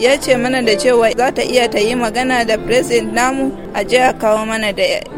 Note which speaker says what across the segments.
Speaker 1: ya ce mana da cewa za ta iya ta yi magana da president namu a je a kawo mana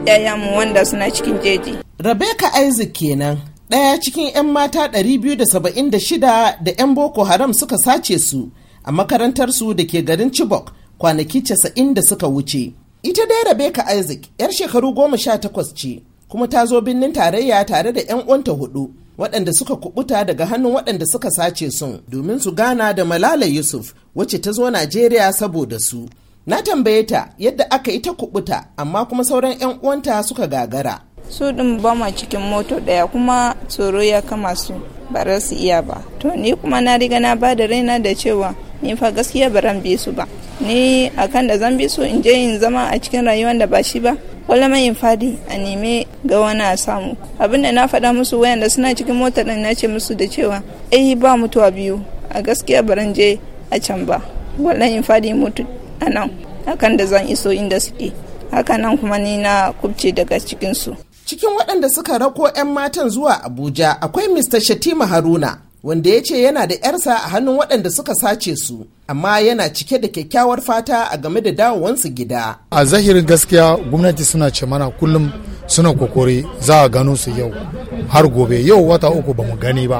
Speaker 1: da mu wanda suna cikin jeji.
Speaker 2: Rabeka Isaac kenan
Speaker 1: ɗaya cikin 'yan
Speaker 2: mata 276 da 'yan Boko Haram suka sace su a makarantarsu da ke garin Chibok kwanaki 90 da suka wuce. Ita dai Rabeka Isaac 'yar shekaru 18 ce kuma ta zo birnin tarayya tare da 'yan uwanta hudu waɗanda suka kubuta daga hannun waɗanda suka sace sun domin su gana da Malala Yusuf wacce ta zo Najeriya saboda su. Na tambaye ta yadda aka yi ta kubuta amma kuma sauran 'yan uwanta suka gagara.
Speaker 1: Su ɗin ba ma cikin moto ɗaya kuma tsoro ya kama su ba za su iya ba. To ni kuma na riga na ba da raina da cewa ni fa gaskiya ba ran bi su ba. Ni akan da zan bi su in je in zama a cikin rayuwar da ba shi ba. wala mai fadi a neme ga wani a samu abinda na faɗa musu wayanda suna cikin motar ɗin na ce musu da cewa eh ba mutuwa biyu a gaskiya baran je a can ba wala yin fadi mutu a nan akan da zan iso inda suke haka nan kuma ni na kubce daga cikinsu
Speaker 2: cikin waɗanda suka rako 'yan matan zuwa abuja akwai mr shatima haruna wanda ya ce yana da 'yarsa a hannun waɗanda suka sace su amma yana cike da kyakkyawar fata a game da dawowansu gida a zahirin gaskiya gwamnati suna ce mana kullum suna kokori za a gano su yau har gobe yau wata uku ba mu gani ba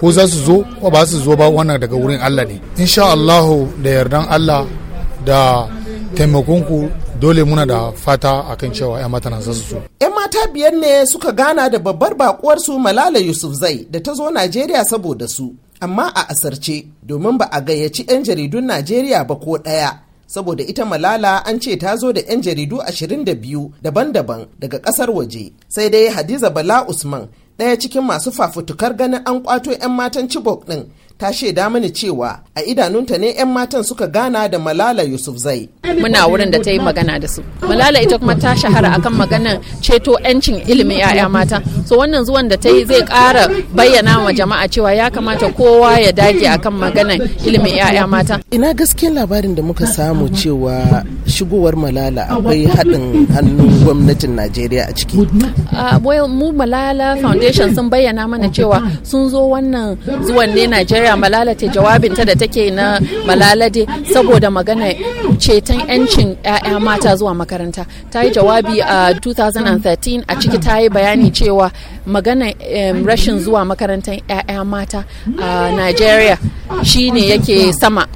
Speaker 2: ko za su zo ko ba su zo ba wannan daga wurin allah ne insha'allahu da yardan allah da taimakonku dole muna da fata akan cewa 'yan mata na su 'Yan mata biyar ne suka gana da babbar bakuwarsu Malala Yusuf Zai da ta zo Najeriya saboda su, amma a asarce domin ba a gayyaci 'yan jaridun Najeriya ba ko ɗaya. Saboda ita Malala an ce ta zo da 'yan jaridu 22 daban-daban daga ƙasar waje, sai dai Hadiza Bala Usman ɗaya cikin masu fafutukar ganin an kwato 'yan matan Chibok ɗin ta shaida mini cewa a idanunta ne 'yan matan
Speaker 3: suka gana da Malala zai Muna wurin da ta yi magana da su. Malala ita kuma ta shahara akan maganar ceto 'yancin ilimin 'ya'ya mata. So wannan zuwan da ta yi zai ƙara bayyana wa jama'a cewa ya kamata kowa ya dage akan maganar ilimin 'ya'ya mata. Ina
Speaker 2: gaskiyar labarin da muka samu cewa shigowar Malala akwai haɗin hannun gwamnatin Najeriya a ciki.
Speaker 3: mu Malala Foundation sun bayyana mana cewa sun zo wannan zuwan ne Najeriya Najeriya Malala ta jawabinta da take na Malalade saboda magana ceton 'yancin 'ya'ya mata zuwa makaranta. Ta yi jawabi a 2013 a ciki ta yi bayani cewa magana rashin zuwa makarantar 'ya'ya mata a Najeriya shine yake sama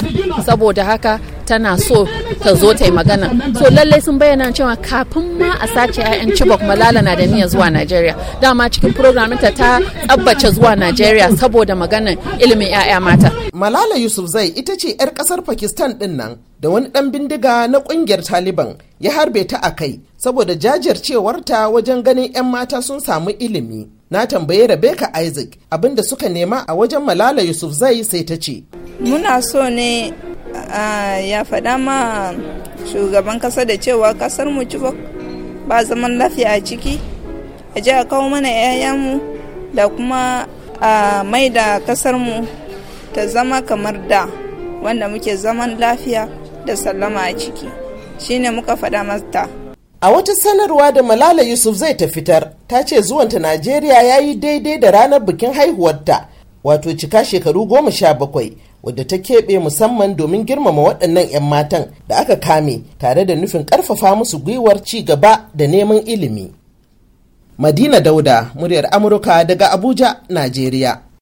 Speaker 3: saboda haka tana so ta zo ta yi magana so lallai sun bayyana cewa kafin ma a sace 'ya'yan chibok malala na da niyyar zuwa najeriya dama cikin programinta ta tabbace zuwa najeriya saboda magana ilimin 'ya'ya mata Malala zai ita ce 'yar kasar
Speaker 2: Pakistan ɗin nan da wani ɗan bindiga na ƙungiyar Taliban ya harbe ta a kai saboda jajircewarta wajen ganin 'yan mata sun samu ilimi. Na tambayi Rebecca Isaac
Speaker 1: abinda suka nema a wajen Malala Yusufzai sai ta ce. Muna so ne uh, ya faɗa ma shugaban ƙasa da cewa ƙasar mu ci ba zaman lafiya a ciki. A a kawo mana 'ya'yanmu da kuma a uh, mai da ƙasar mu ta zama kamar da wanda muke zaman lafiya da sallama a ciki shine muka faɗa mata
Speaker 2: a wata sanarwa da malala yusuf zai ta fitar ta ce zuwanta najeriya ya yi daidai da ranar bikin haihuwarta wato cika shekaru goma sha bakwai wadda ta keɓe musamman domin girmama waɗannan 'yan matan da aka kame tare da nufin ƙarfafa musu gwiwar ci gaba da neman ilimi. Madina Dauda, muryar Amurka daga Abuja, Najeriya.